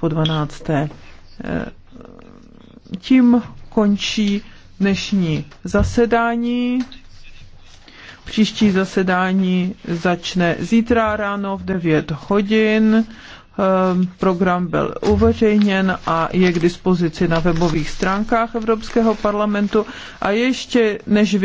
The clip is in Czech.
po 12. Eh, tím končí dnešní zasedání. Příští zasedání začne zítra ráno v 9 hodin. Ehm, program byl uveřejněn a je k dispozici na webových stránkách Evropského parlamentu. A ještě než vy